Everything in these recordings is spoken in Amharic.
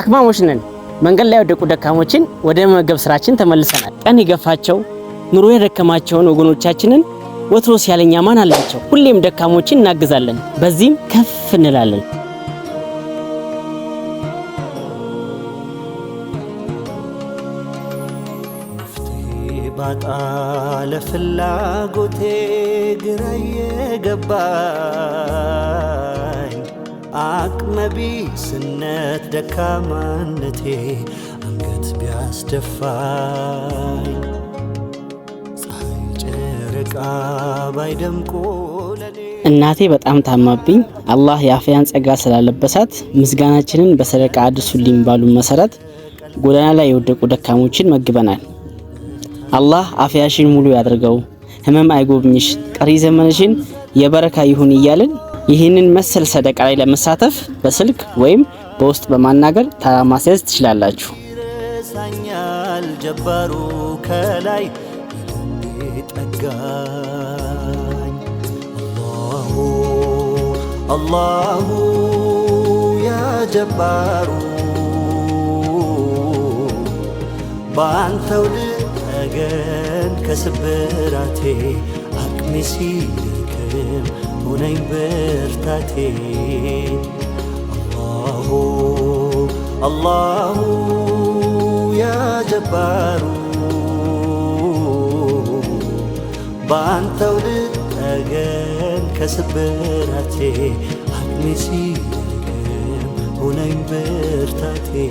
አክማሞች ነን። መንገድ ላይ የወደቁ ደካሞችን ወደ መመገብ ስራችን ተመልሰናል። ቀን የገፋቸው ኑሮ የደከማቸውን ወገኖቻችንን ወትሮ ሲያለኛ ማን አላቸው? ሁሌም ደካሞችን እናግዛለን፣ በዚህም ከፍ እንላለን። ባጣ ለፍላጎቴ ግራ የገባ አቅመቢስነት ደካማነቴ አንገት ቢያስደፋኝ ፀሐይ ጨረቃ ባይደምቆ እናቴ በጣም ታማብኝ። አላህ የአፍያን ጸጋ ስላለበሳት ምስጋናችንን በሰደቃ አድርሱልኝ ባሉ መሰረት ጎዳና ላይ የወደቁ ደካሞችን መግበናል። አላህ አፍያሽን ሙሉ ያድርገው፣ ህመም አይጎብኝሽ፣ ቀሪ ዘመንሽን የበረካ ይሁን እያልን ይህንን መሰል ሰደቃ ላይ ለመሳተፍ በስልክ ወይም በውስጥ በማናገር ተራ ማስያዝ ትችላላችሁ። ረሳኛል ጀባሩ ከላይ ጠጋኝ አላሁ አላሁ በአንተው ልጠገን ከስብራቴ አቅሜ بهم هني برتتي الله الله يا جبار بانت ولد أجان كسبرتي حكني سيدك هني برتتي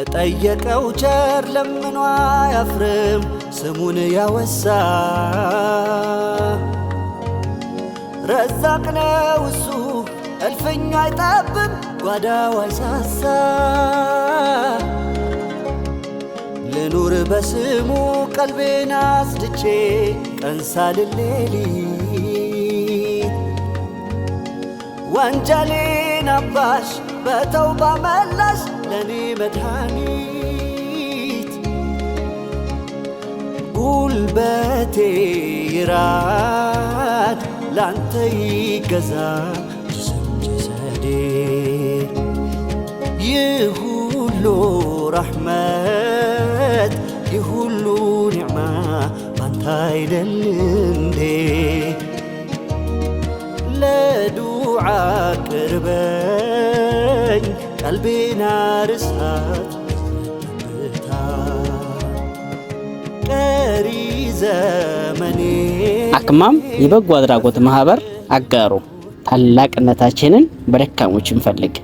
ለጠየቀው ቸር ለምኗ አያፍርም ስሙን ያወሳ ረዛቅ ነው እሱ እልፍኛ አይጠብም ጓዳው አይሳሳ ልኑር በስሙ ቀልቤን አስድቼ ቀን ሳልል ሌሊት ወንጀሌን አባሽ በተውባ መላሽ ለእኔ መድኃኒት ጉልበቴ ይራድ ላንተ ይገዛ ጅስም ጀሰዴ ይህ ሁሉ ረሕመት ይህ ሁሉ ኒዕማ ባንታ አይደል እንዴ ለዱ ዱዓ ቅርበኝ ቀልቤና ቀሪ ዘመኔ አክማም የበጎ አድራጎት ማህበር አጋሩ ታላቅነታችንን በደካሞች እንፈልግ።